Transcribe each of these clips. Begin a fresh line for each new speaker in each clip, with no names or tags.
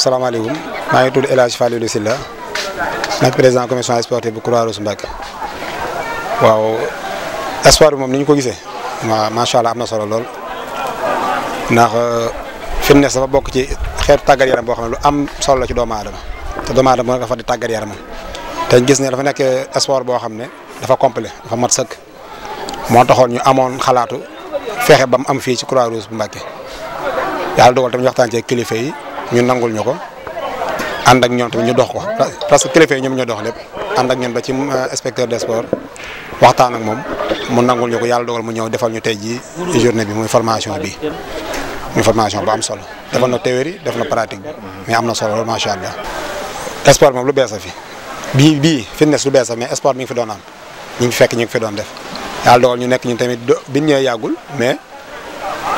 asalaamaaleykum maa ngi tudd El Hadj Fallou Silla nekk président commission sportive bu Croix-Rouge Mbacké waaw espoir bi moom ni ñu ko gisee waaw macha allah am na solo lool ndax euh, fitness dafa bokk ci xeetu tàggat yaram boo xam ne lu am solo ci doomu aadama te doomu aadama dafa di tàggat yaramam te gis ne dafa nekk espoir boo xam ne dafa complet dafa mat sëkk moo taxoon ñu amoon xalaatu fexe ba mu am fii ci Croix-Rouge bu Mbacké yàlla dogal tam ñu kilifa yi. ñu nangul ñu ko ànd ak ñoom tamit ñu dox ko parce que kilifa yi ñoom ñoo dox lépp ànd ak ñoom ba ci euh, inspecteur des sports waxtaan ak moom mu nangul ñu ko yàlla dogal mu ñëw defal ñu tey jii journée bi muy formation bi muy formation bu am solo. defal na théorie def na pratique bi mais am na solo lool macha allah. sport moom lu bees a fi bii bii fitness lu bees a mais sport mi fi doon am ñu ngi fekk ñu ngi fi doon def yàlla dogal ñu nekk ñu tamit bi ñu yàggul mais.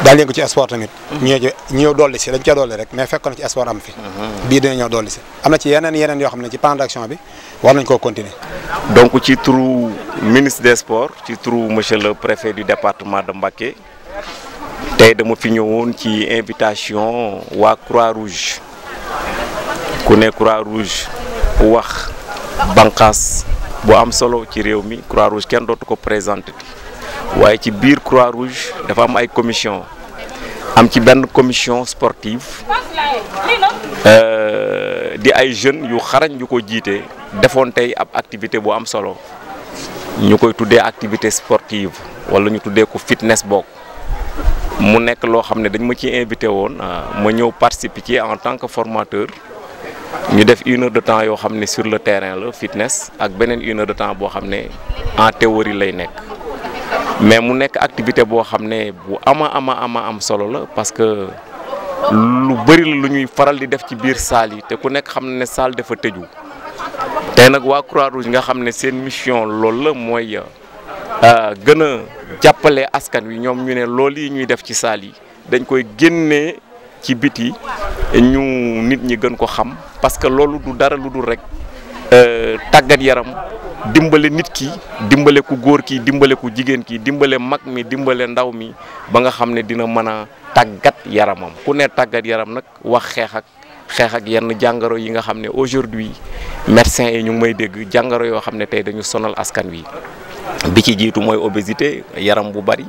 daal ko ci sport tamit. Mm-hmm. ñoo ñëw dolli si dañ ca dolli rek mais fekk na ci sport am fi. Mm-hmm. bii dina ñëw dolli si am na ci yeneen yeneen yoo xam ne ci plan d'action bi war nañ koo continue
donc ci turu ministre des sports ci turu monsieur le préfet du département de Mbacké tey dama fi ñëwoon ci invitation waa Croix-Rouge ku ne Croix-Rouge wax banqaas bu am solo ci réew mi Croix-Rouge kenn dootu ko présenté. waaye ci biir croix rouge dafa am ay commission am ci benn commission sportive euh, di ay jeunes yu xarañ yu ko jiite defoon tey ab activité bu am solo ñu koy tuddee activité sportive wala ñu tuddee ko fitness bokk mu nekk loo xam ne dañ ma ci invité woon euh, ma ñëw participer ci en tant que formateur ñu def une heure de temps yoo xam ne sur le terrain la fitness ak beneen une heure de temps boo xam ne en théorie lay nekk mais mu nekk activité boo xam ne bu ama ama ama am solo la parce que lu bëri la lu ñuy faral di def ci biir salle yi te ku nekk xam ne salle dafa tëju te nag waa Croix-Rouge nga xam ne seen mission loolu la mooy euh, gën a jàppale askan wi ñoom ñu ne lool yi ñuy def ci salle yi dañ koy génnee ci biti ñu nit ñi gën ko xam parce que loolu du dara lu dul rek euh, tàggat yaram dimbale nit ki dimbale ku góor kii dimbale ku jigéen kii dimbale mag mi dimbale ndaw mi ba nga xam ne dina mën a tàggat yaramam ku ne tàggat yaram nag wax xeex ak xeex ak yenn jàngaro yi nga xam ne aujourd'hui médecins yi ñu ngi may dégg jàngoro yoo xam ne tey dañu sonal askan wi bi ci jiitu mooy obésité yaram bu bari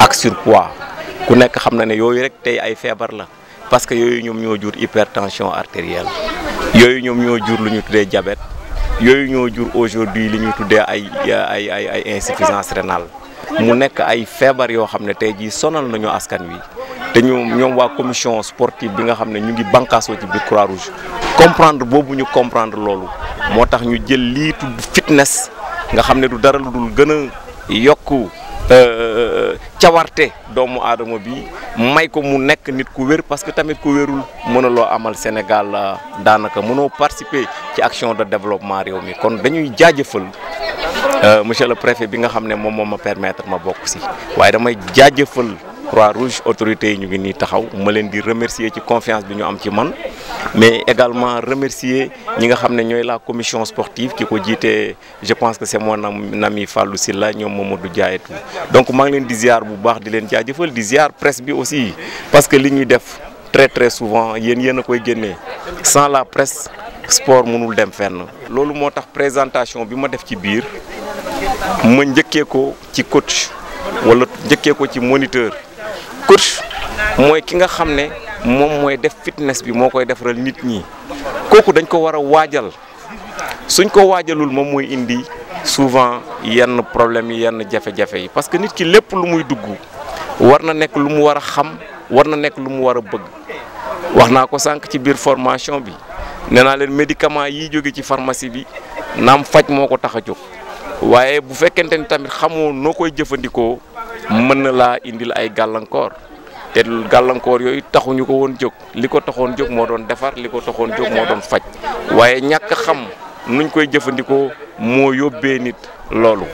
ak surpoids ku nekk xam na ne yooyu rek tey ay feebar la parce que yooyu ñoom ñoo jur hypertension artériel yooyu ñoom ñoo jur lu ñu tuddee diabète yooyu ñoo jur aujourd'hui li ñuy tuddee ay ay ay ay insuffisance mu nekk ay feebar yoo xam ne tey jii sonal nañu askan wi te ñoom ñoom waa commission sportive bi nga xam ne ñu ngi bànqaasoo ci bi Croix-Rouge comprendre boobu ñu comprendre loolu moo tax ñu jël lii tudd fitness nga xam ne du dara lu dul gën a yokk euh, cawarte doomu aadama bi may ko mu nekk nit ku wér parce que tamit ku wérul mënuloo amal Sénégal euh, daanaka mënoo participer ci action de développement réew mi kon dañuy jaajëfal euh, monsieur le préfet bi nga xam ne moom moo ma permettre ma bokk si waaye damay jaajëfal Croix-Rouge autorités yi ñu ngi nii taxaw ma leen di remercier ci confiance bi ñu am ci man mais également remercier ñi nga xam ne ñooy la commission sportive ki ko jiite je pense que c'est mon ami Fallou Silla ñoom Mamadou Dia et tout donc maa ngi leen di ziar bu baax di leen jaajëfal di ziar presse bi aussi parce que li ñuy def très très souvent yéen yéen a koy génnee sans la presse sport mënul dem fenn. loolu moo tax présentation bi ma def ci biir ma njëkkee ko ci coach wala njëkkee ko ci moniteur coach mooy ki nga xam ne. moom mooy def fitness bi moo koy defaral nit ñi kooku dañ ko war a waajal suñ ko waajalul moom mooy indi souvent yenn problème yi yenn jafe-jafe yi parce que nit ki lépp lu muy dugg war na nekk lu mu war a xam war na nekk lu mu war a bëgg wax naa ko sànq ci biir formation bi nee naa leen médicament yi jóge ci pharmacie bi naam faj moo ko tax a jóg waaye bu fekkente ni tamit xamoo noo koy jëfandikoo mën na laa indil ay gàllankoor te gàllankoor yooyu taxuñu ko woon jóg li ko taxoon jóg moo doon defar li ko taxoon jóg moo doon faj waaye ñàkk xam nuñ koy jëfandikoo moo yóbbee nit loolu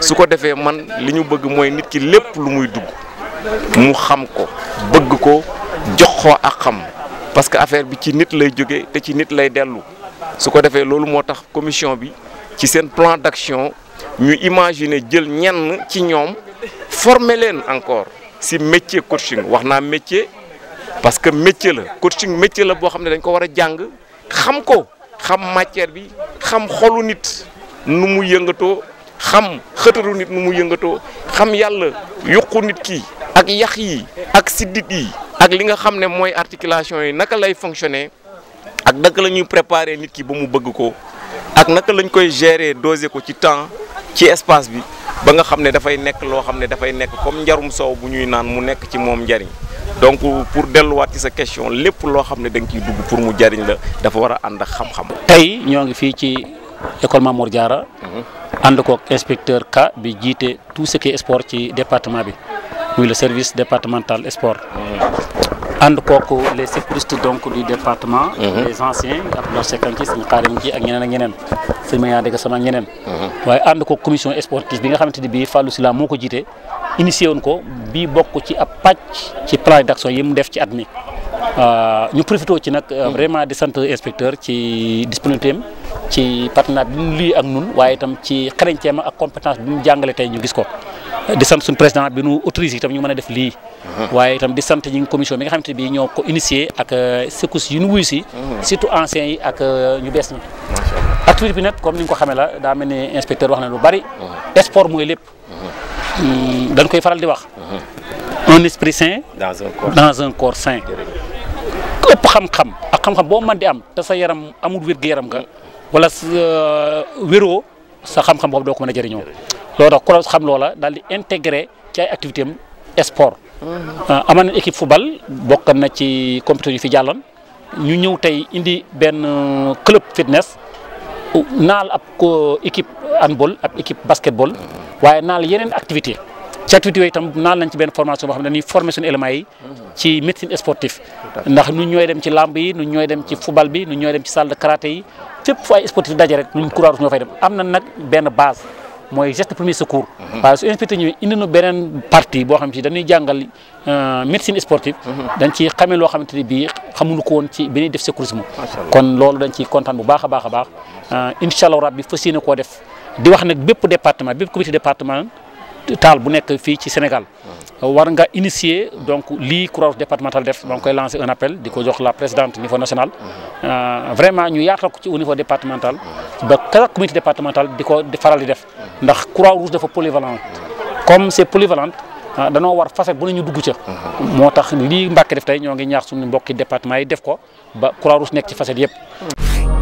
su ko defee man li ñu bëgg mooy nit ki lépp lu muy dugg mu xam ko bëgg ko jox ko ak xam parce que affaire bi ci nit lay jóge te ci nit lay dellu su ko defee loolu moo tax commission bi ci seen plan d'action ñu imagine jël ñenn ci ñoom former leen encore si métier coaching wax naa métier parce que métier la coaching métier la boo xam ne dañ ko war a jàng xam ko xam matière bi xam xolu nit nu mu yëngatoo xam xëtaru nit nu mu yëngatoo xam yàlla yuqu nit ki ak yax yi ak siddit yi ak li nga xam ne mooy articulation yi naka lay fonctionner ak naka la ñuy préparer nit ki ba mu bëgg ko ak naka lañ koy gérer doser ko ci temps ci espace bi ba nga xam ne dafay nekk loo xam ne dafay nekk comme njarum soow bu ñuy naan mu nekk ci moom njariñ donc pour delluwaat ci sa question lépp loo xam ne da nga ciy dugg pour mu jariñ la dafa war a ànd ak xam-xam. tey ñoo ngi fii ci
école Mamour Diarra. Mhm. ànd koog inspecteur Ka bi jiite tout ce qui sport ci département bi muy le service départemental sport. Mhm. ànd kooku les secouristes donc du département. Mhm. les anciens Abdoulaye Seck Kanté sëñ Xaarim ji ak ñeneen ak ñeneen sëñ Maña Dégg sama ñeneen. Mhm. waaye ànd ko commission sportive bi nga xamante ni bii Fallou Sylla moo ko jiite initié woon ko bii bokk ci ab pàcc ci plan d'action yi mu def ci at euh, ñu profité ci nag euh, mhm. vraiment di sant inspecteur ci disponibilité am ci partenariat bi mu lii ak ñun waaye itam ci xarañteem ak compétence bi mu jàngale tey ñu gis ko. di sant suñu président bi nu autorisé itam ñu mën a def lii. waaye itam di sant ñi commission bi nga xam xamante bi ñoo ko initié ak euh, secousses yu nu wuyu si. surtout anciens yi ak euh, ñu bees ñi. activité bi nag comme ni nga ko xamee la daa ne ni inspecteur wax na lu bari. sport mooy lépp. Hmm, danga koy faral di wax. un esprit sain. dans un corps dans un corps sain. ëpp xam-xam ak xam-xam boo man di am te sa yaram amul wér-gu-yaram nga mm. wala sa euh, wéroo sa xam-xam boobu doo ko mën a jëriñoo. loo tax xam loola daal di intégré ci activité am sport. Mm-hmm. amoon na équipe football bokkan na ci compétition yu fi jàlloon ñu ñëw tey indi benn euh, club fitness naal ab équipe handball ab équipe basketball waaye naal yeneen activité ci activité yooyu tam naal nañ ci benn formation boo xam ne dañuy former suñu éléments yi mm-hmm. ci médecine sportive ndax nu ñooy dem ci lamb yi ñun ñooy dem ci football bi ñun ñooy dem ci salle de karaté yi fépp fu ay sportif daje rek ñun Croix-Rouge ñoo am na nag benn base. mooy geste premier secours. waaye su inspecteur ñëwee indi na beneen partie boo xam ci dañuy jàngal euh, médecine sportive. dañ ci xamee loo xamante ni bii xamuñu ko woon ci bi ñuy def secourisme. kon loolu dañ ciy kontaan bu baax a baax a baax. Euh, incha allah rab bi fas yéene koo def di wax nag bépp département bépp comité département. taal bu nekk fii ci Sénégal war nga initier donc lii Croix-Rouge départementale def maa ngi koy lancer un appel di ko jox la présidente niveau national euh, vraiment ñu yaatal ko ci au niveau départemental ba kala comité départemental di ko faral di def ndax Croix-Rouge dafa polyvalente comme c'est polyvalente ah, danoo war facette bu ne ñu dugg ca moo tax lii Mbàkke def tey ñoo ngi ñaax suñu mbokki département yi def ko ba Croix-Rouge nekk ci facette yëpp